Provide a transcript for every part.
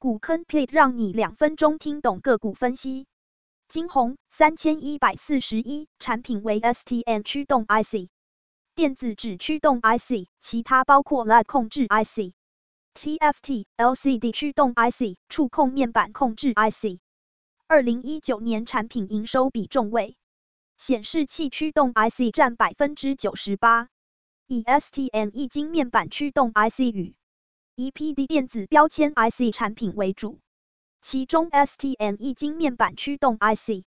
股坑 plate 讓你兩分鐘聽懂個股分析。晶宏三千一百四十一產品為 STN 驅動 IC，電子紙驅動 IC，其他包括 LED 控制 IC、TFT LCD 驅動 IC、觸控面板控制 IC。二零一九年產品營收比重為，顯示器驅動 IC 佔百分之九十八，以 STN 液晶面板驅動 IC 與。EPD 電子標籤 IC 產品為主，其中 STM 液晶面板驅動 IC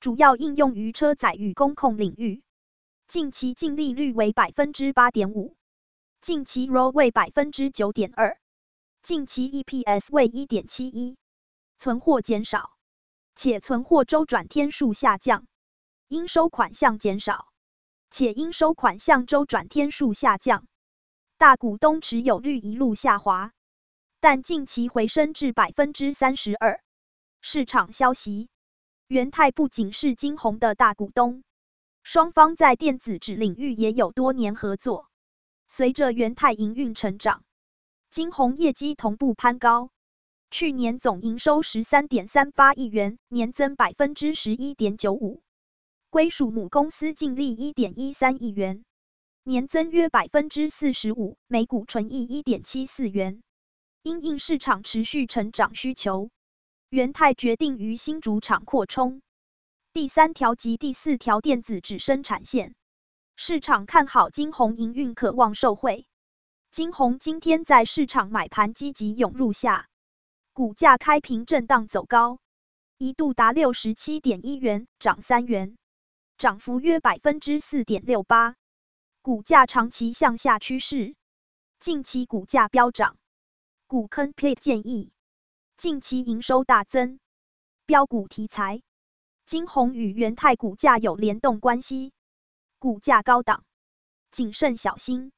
主要應用於車載與工控領域。近期淨利率為百分之八點五，近期 ROE 為百分之九點二，近期 EPS 為一點七一，存貨減少，且存貨周轉天數下降，應收款項減少，且應收款項周轉天數下降。大股東持有率一路下滑，但近期回升至百分之三十二。市場消息，元太不僅是晶宏的大股東，雙方在電子紙領域也有多年合作。隨着元太營運成長，晶宏業績同步攀高。去年總營收十三點三八億元，年增百分之十一點九五，歸屬母公司淨利一點一三億元。年增約百分之四十五，每股純益一點七四元。因應市場持續成長需求，元太決定於新竹廠擴充第三條及第四條電子紙生產線。市場看好晶宏營運，可望受惠。晶宏今天在市場買盤積極湧入下，股價開平震盪走高，一度達六十七點一元，漲三元，漲幅約百分之四點六八。股價長期向下趨勢，近期股價飆漲。股坑 pit 建議，近期營收大增，飆股題材，晶宏與元太股價有聯動關係，股價高檔，謹慎小心。